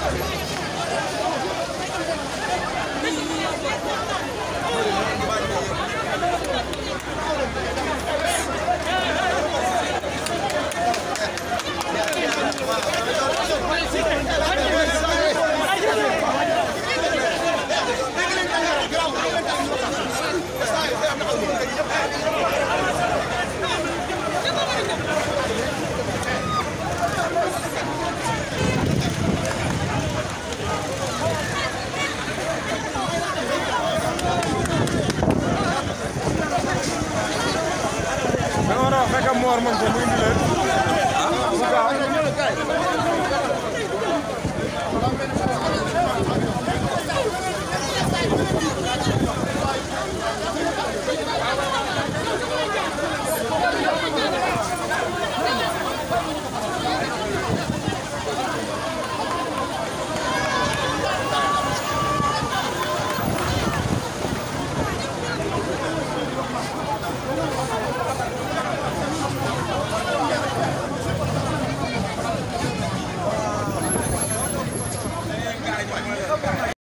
Fire! moor moom tam mu indi leen